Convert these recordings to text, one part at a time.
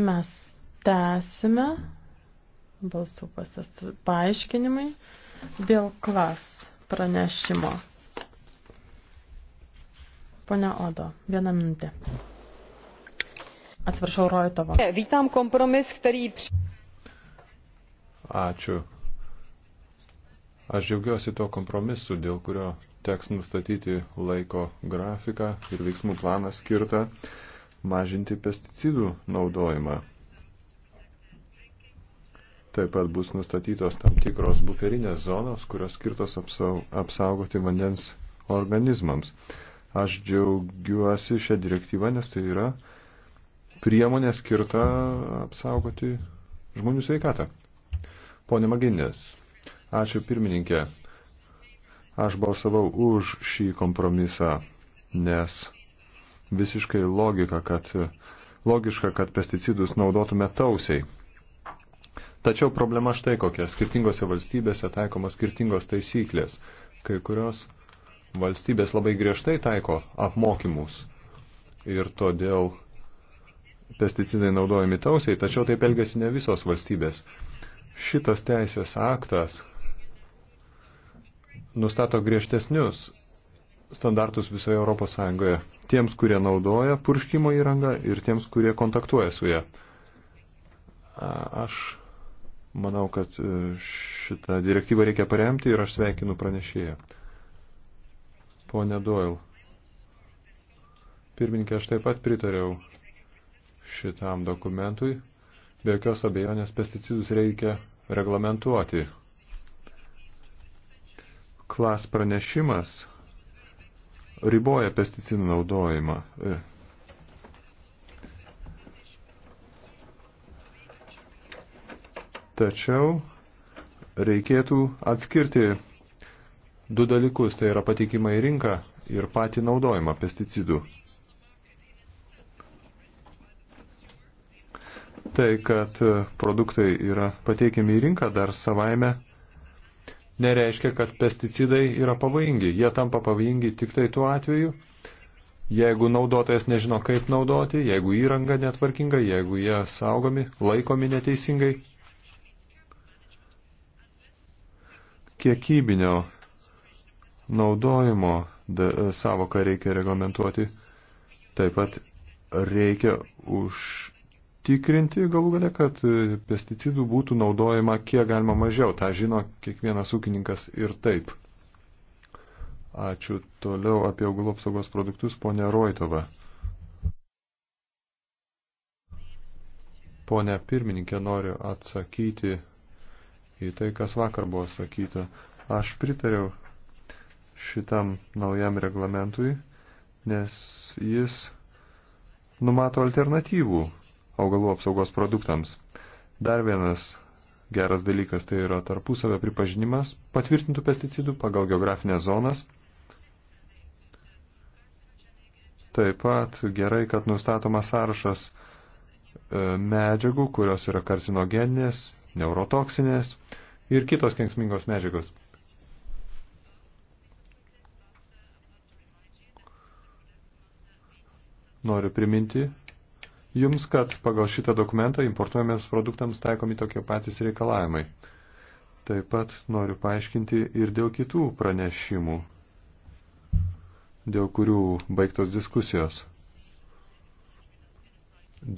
Mes tęsime balsų paaiškinimai dėl klas pranešimo. Pone Odo, vieną minutę. Atsiprašau, Rojtovo. Vytam kompromis, který... Ačiū. Aš džiaugiuosi to kompromisu, dėl kurio teks nustatyti laiko grafiką ir veiksmų planą skirtą mažinti pesticidų naudojimą. Taip pat bus nustatytos tam tikros buferinės zonos, kurios skirtos apsaugoti vandens organizmams. Aš džiaugiuosi šią direktyvą, nes tai yra priemonė skirta apsaugoti žmonių sveikatą. Pone Maginės, ačiū pirmininkė. Aš balsavau už šį kompromisą, nes visiškai logika, kad, logiška, kad pesticidus naudotume tausiai. Tačiau problema štai kokia. Skirtingose valstybėse taikomos skirtingos taisyklės. Kai kurios valstybės labai griežtai taiko apmokymus ir todėl pesticidai naudojami tausiai, tačiau taip elgesi ne visos valstybės. Šitas teisės aktas nustato griežtesnius standartus visoje Europos Sąjungoje. Tiems, kurie naudoja purškimo įrangą ir tiems, kurie kontaktuoja su ją. Aš manau, kad e, šitą direktyvą reikia paremti ir aš sveikinu pranešėją. Pone Doyle. Pirmininkė, aš taip pat pritariau šitam dokumentui. Be jokios abejonės pesticidus reikia reglamentuoti. Klas pranešimas riboja pesticidų naudojimą. E. Tačiau reikėtų atskirti du dalykus, tai yra patikimą į rinką ir patį naudojimą pesticidų. Tai, kad produktai yra pateikiami į rinką, dar savaime nereiškia, kad pesticidai yra pavojingi. Jie tampa pavojingi tik tai tuo atveju, jeigu naudotojas nežino, kaip naudoti, jeigu įranga netvarkinga, jeigu jie saugomi, laikomi neteisingai. Kiekybinio naudojimo e, savoką reikia reglamentuoti. Taip pat reikia už užtikrinti galų galę, kad e, pesticidų būtų naudojama kiek galima mažiau. Ta žino kiekvienas ūkininkas ir taip. Ačiū toliau apie augalų apsaugos produktus, ponė Roitova. Pone pirmininkė, noriu atsakyti į tai, kas vakar buvo sakyta. Aš pritariau šitam naujam reglamentui, nes jis numato alternatyvų augalų apsaugos produktams. Dar vienas geras dalykas tai yra tarpusavio pripažinimas patvirtintų pesticidų pagal geografinės zonas. Taip pat gerai, kad nustatomas sąrašas e, medžiagų, kurios yra karcinogeninės, neurotoksinės ir kitos kenksmingos medžiagos. Noriu priminti, jums, kad pagal šitą dokumentą importuojamiems produktams taikomi tokie patys reikalavimai. Taip pat noriu paaiškinti ir dėl kitų pranešimų, dėl kurių baigtos diskusijos.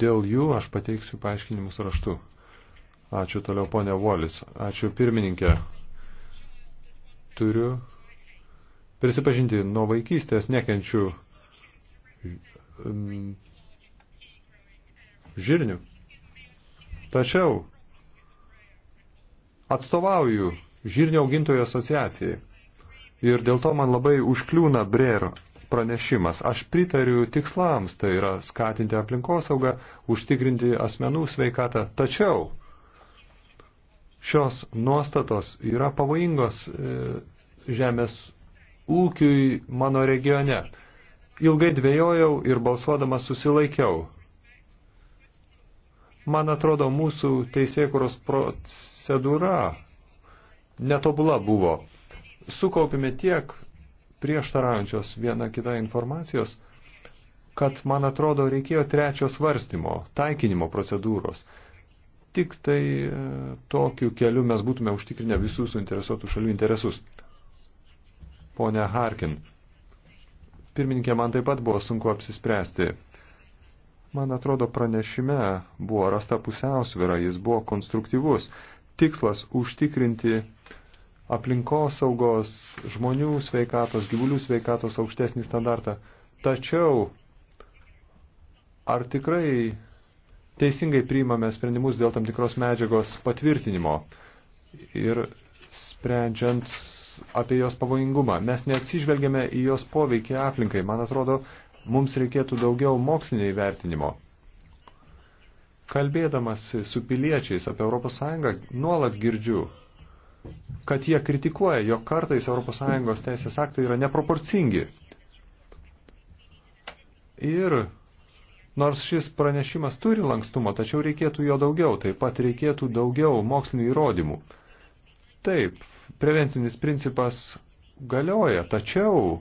Dėl jų aš pateiksiu paaiškinimus raštu. Ačiū toliau, ponė Volis. Ačiū pirmininkė. Turiu prisipažinti, nuo vaikystės nekenčiu žirnių. Tačiau atstovauju žirnių augintojų asociacijai ir dėl to man labai užkliūna brėro pranešimas. Aš pritariu tikslams, tai yra skatinti aplinkosaugą, užtikrinti asmenų sveikatą. Tačiau šios nuostatos yra pavojingos e, žemės ūkiui mano regione. Ilgai dvėjojau ir balsuodamas susilaikiau. Man atrodo, mūsų teisėkuros procedūra netobula buvo. Sukaupime tiek prieštaraujančios viena kita informacijos, kad, man atrodo, reikėjo trečio svarstymo, taikinimo procedūros. Tik tai e, tokiu keliu mes būtume užtikrinę visų suinteresuotų šalių interesus. Pone Harkin, pirmininkė, man taip pat buvo sunku apsispręsti. Man atrodo, pranešime buvo rasta pusiausvėra, jis buvo konstruktyvus. Tikslas užtikrinti aplinkosaugos, žmonių sveikatos, gyvulių sveikatos aukštesnį standartą. Tačiau, ar tikrai teisingai priimame sprendimus dėl tam tikros medžiagos patvirtinimo ir sprendžiant apie jos pavojingumą. Mes neatsižvelgiame į jos poveikį aplinkai. Man atrodo, mums reikėtų daugiau mokslinio įvertinimo. Kalbėdamas su piliečiais apie ES nuolat girdžiu, kad jie kritikuoja, jog kartais ES teisės aktai yra neproporcingi. Ir nors šis pranešimas turi lankstumo, tačiau reikėtų jo daugiau, taip pat reikėtų daugiau mokslinių įrodymų. Taip, prevencinis principas galioja, tačiau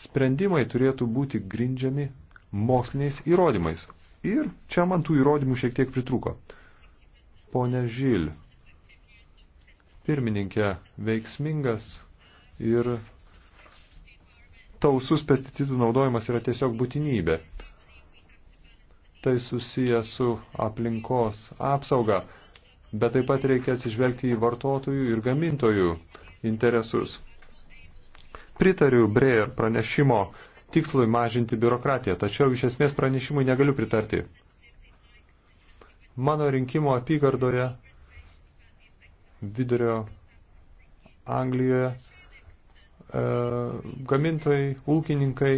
sprendimai turėtų būti grindžiami moksliniais įrodymais. Ir čia man tų įrodymų šiek tiek pritruko. Pone Žil, pirmininkė veiksmingas ir tausus pesticidų naudojimas yra tiesiog būtinybė. Tai susiję su aplinkos apsauga, bet taip pat reikia atsižvelgti į vartotojų ir gamintojų interesus. Pritariu Breyer pranešimo tikslui mažinti biurokratiją, tačiau iš esmės pranešimui negaliu pritarti. Mano rinkimo apygardoje vidurio Anglijoje e, gamintojai, ūkininkai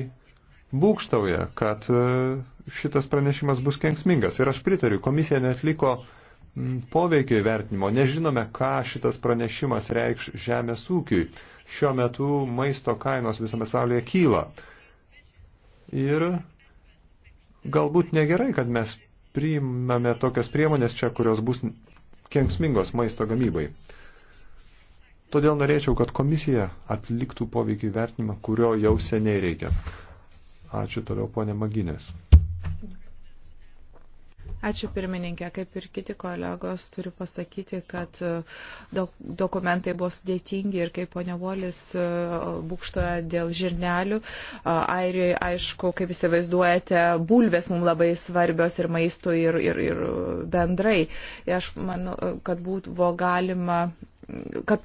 būkštauja, kad e, šitas pranešimas bus kenksmingas. Ir aš pritariu, komisija netliko poveikio įvertinimo. Nežinome, ką šitas pranešimas reikš žemės ūkiui. Šiuo metu maisto kainos visame pasaulyje kyla. Ir galbūt negerai, kad mes priimame tokias priemonės čia, kurios bus kenksmingos maisto gamybai. Todėl norėčiau, kad komisija atliktų poveikį vertinimą, kurio jau seniai reikia. Ačiū toliau, ponė Maginės. Ačiū pirmininkė, kaip ir kiti kolegos, turiu pasakyti, kad e, dokumentai buvo sudėtingi ir kaip ponia Volis e, būkštoja dėl žirnelių. E, Airijoje, aišku, kaip įsivaizduojate, bulvės mums labai svarbios ir maistų ir, ir, ir bendrai. Aš manau, kad buvo galima kad,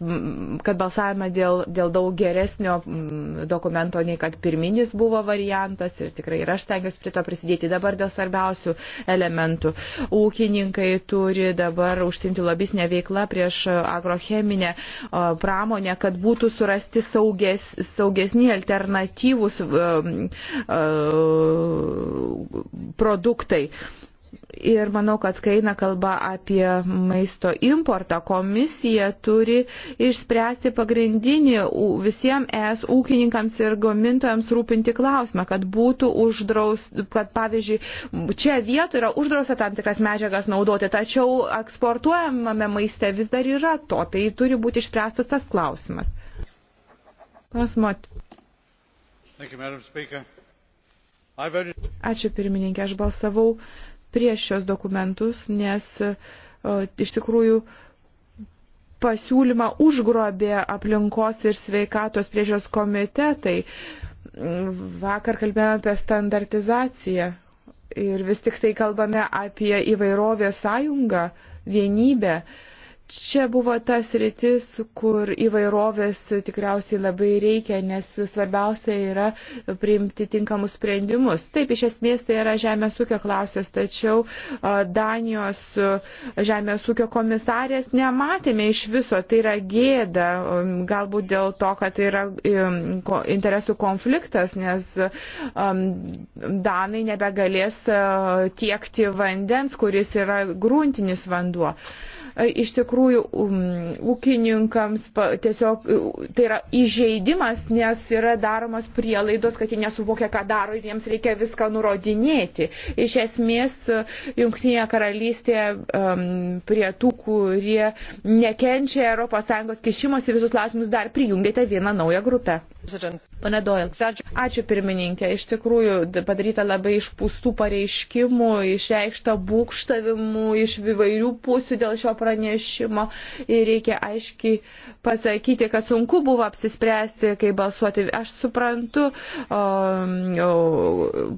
kad balsavome dėl, dėl daug geresnio mm, dokumento, nei kad pirminis buvo variantas ir tikrai ir aš tengiuosi prie to prisidėti dabar dėl svarbiausių elementų. Ūkininkai turi dabar užsimti lobisnę veiklą prieš agrocheminę pramonę, kad būtų surasti sauges, saugesni alternatyvus e, e, produktai. Uh, uh, produktai. Ir manau, kad kai eina kalba apie maisto importą, komisija turi išspręsti pagrindinį visiems es ūkininkams ir gamintojams rūpinti klausimą, kad būtų uždraus, kad pavyzdžiui, čia vietoje yra uždrausta tam tikras medžiagas naudoti, tačiau eksportuojamame maiste vis dar yra to, tai turi būti išspręstas tas klausimas. Pasmat. Ačiū pirmininkė, aš balsavau prieš šios dokumentus, nes iš tikrųjų pasiūlymą užgrobė aplinkos ir sveikatos priežios komitetai. Vakar kalbėjome apie standartizaciją ir vis tik tai kalbame apie įvairovės sąjungą, vienybę. Uh, Čia buvo tas rytis, kur įvairovės tikriausiai labai reikia, nes svarbiausia yra priimti tinkamus sprendimus. Taip, iš esmės tai yra žemės ūkio klausės, tačiau Danijos žemės ūkio komisarės nematėme iš viso. Tai yra gėda, um, galbūt dėl to, kad tai yra um, interesų konfliktas, nes um, Danai nebegalės tiekti vandens, kuris yra gruntinis vanduo. Uh, E, iš tikrųjų um, ūkininkams tiesiog e, tai yra įžeidimas, nes yra daromas prielaidos, kad jie nesuvokia, ką daro ir jiems reikia viską nurodinėti. Iš esmės, e, Junktinėje karalystėje um, prie tų, kurie nekenčia ES kišimosi visus klausimus, dar prijungėte vieną naują grupę. Pane Doyle, ačiū pirmininkė. Iš tikrųjų, padaryta labai išpūstų pareiškimų, išreikšta būkštavimų iš įvairių pusių dėl šio pranešimo. Ir reikia aiškiai pasakyti, kad sunku buvo apsispręsti, kaip balsuoti. Aš suprantu, o, um, o,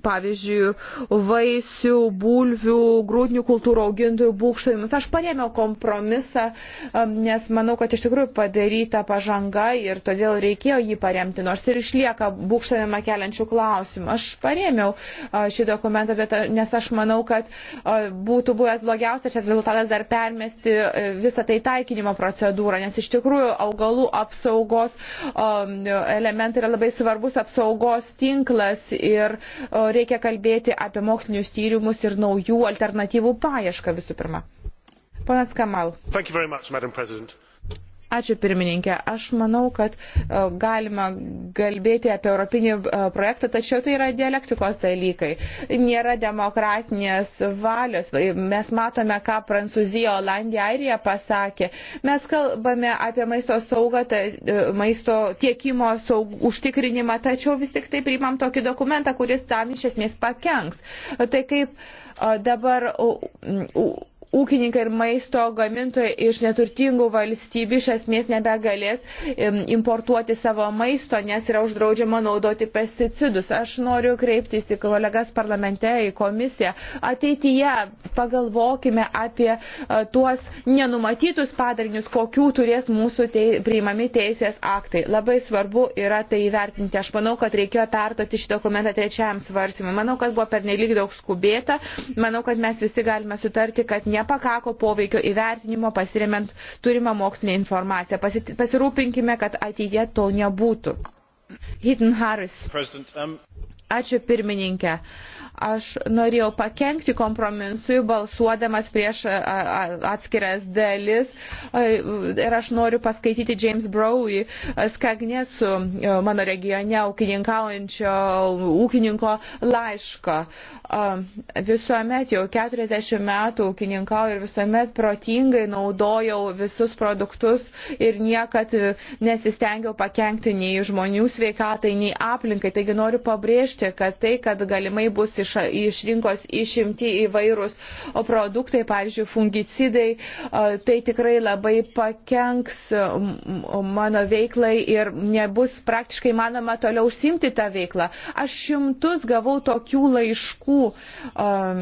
pavyzdžiui, vaisių, bulvių, grūdinių kultūrų augintojų būkštavimus. Aš parėmiau kompromisą, um, nes manau, kad iš tikrųjų padaryta pažanga ir todėl reikėjo jį paremti paremti, nors ir išlieka būkštavimą keliančių klausimų. Aš parėmiau šį dokumentą, bet, nes aš manau, kad būtų buvęs blogiausias šis rezultatas dar permesti e, visą tai taikinimo procedūrą, nes iš tikrųjų augalų apsaugos elementai yra labai svarbus apsaugos tinklas ir reikia kalbėti apie mokslinius tyrimus ir naujų alternatyvų paiešką visų pirma. Ponas Kamal. Thank you very much, Madam President. Ačiū pirmininkė. Aš manau, kad e, galima kalbėti apie europinį e, projektą, tačiau tai yra dialektikos dalykai. Nėra demokratinės valios. Mes matome, ką Prancūzija, Olandija, Airija pasakė. Mes kalbame apie maisto saugą, e, maisto tiekimo saug, užtikrinimą, tačiau vis tik tai priimam tokį dokumentą, kuris tam iš esmės pakenks. Tai kaip dabar. U, u, ūkininkai ir maisto gamintojai iš neturtingų valstybių iš esmės nebegalės importuoti savo maisto, nes yra uždraudžiama naudoti pesticidus. Aš noriu kreiptis į kolegas parlamente, į komisiją. Ateityje pagalvokime apie e, tuos nenumatytus padarinius, kokių turės mūsų tei, priimami teisės aktai. Labai svarbu yra tai įvertinti. Aš manau, kad reikėjo pertoti šį dokumentą trečiajam svarstymui. Manau, kad buvo pernelyg daug skubėta. Manau, kad mes visi galime sutarti, kad ne nepakako poveikio įvertinimo pasiremiant turimą mokslinę informaciją. Pasirūpinkime, kad ateitie to nebūtų. Hidden Harris. Ačiū pirmininkė. Aš norėjau pakengti kompromisui, balsuodamas prieš atskiras dalis. Ir aš noriu paskaityti James Browy, Skagnesų, mano regione ūkininkaujančio ūkininko laišką. Visuomet jau 40 metų ūkininkauju ir visuomet protingai naudojau visus produktus ir niekad nesistengiau pakengti nei žmonių sveikatai, nei aplinkai. Taigi noriu pabrėžti, pabrėžti, kad tai, kad galimai bus iš, iš rinkos išimti įvairūs produktai, pavyzdžiui, fungicidai, tai tikrai labai pakenks mano veiklai ir nebus praktiškai manoma toliau užsimti tą veiklą. Aš šimtus gavau tokių laiškų um,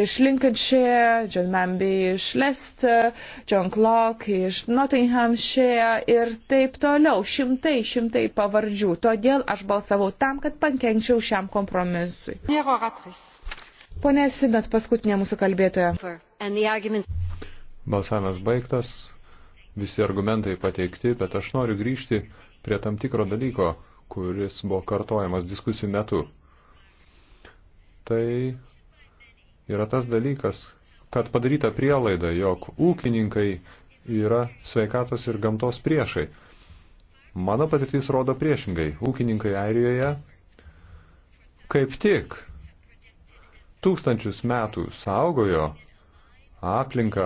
iš Lincolnshire, John Mamby iš Leicester, John Clark iš Nottinghamshire ir taip toliau. Šimtai, šimtai pavardžių. Todėl aš balsavau tam, kad pakenk pasirinkčiau šiam kompromisui. Pone Sinat, paskutinė mūsų kalbėtoja. Balsavimas baigtas, visi argumentai pateikti, bet aš noriu grįžti prie tam tikro dalyko, kuris buvo kartojamas diskusijų metu. Tai yra tas dalykas, kad padaryta prielaida, jog ūkininkai yra sveikatos ir gamtos priešai. Mano patirtis rodo priešingai. Ūkininkai Airijoje kaip tik tūkstančius metų saugojo aplinką,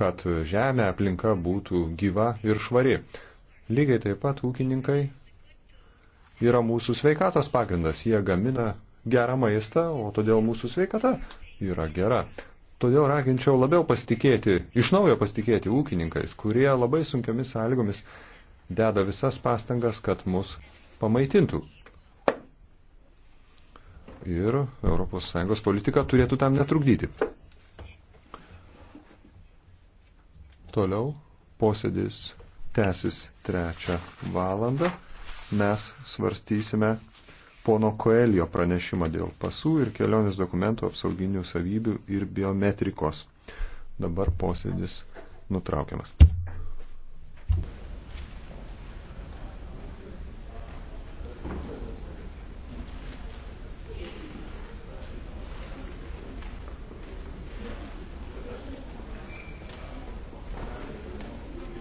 kad žemė aplinka būtų gyva ir švari. Lygiai taip pat ūkininkai yra mūsų sveikatos pagrindas. Jie gamina gerą maistą, o todėl mūsų sveikata yra gera. Todėl raginčiau labiau pasitikėti, iš naujo pasitikėti ūkininkais, kurie labai sunkiomis sąlygomis deda visas pastangas, kad mus pamaitintų ir ES politika turėtų tam netrukdyti. Toliau posėdis tęsis trečią valandą. Mes svarstysime pono Koelio pranešimą dėl pasų ir kelionės dokumentų apsauginių savybių ir biometrikos. Dabar posėdis nutraukiamas.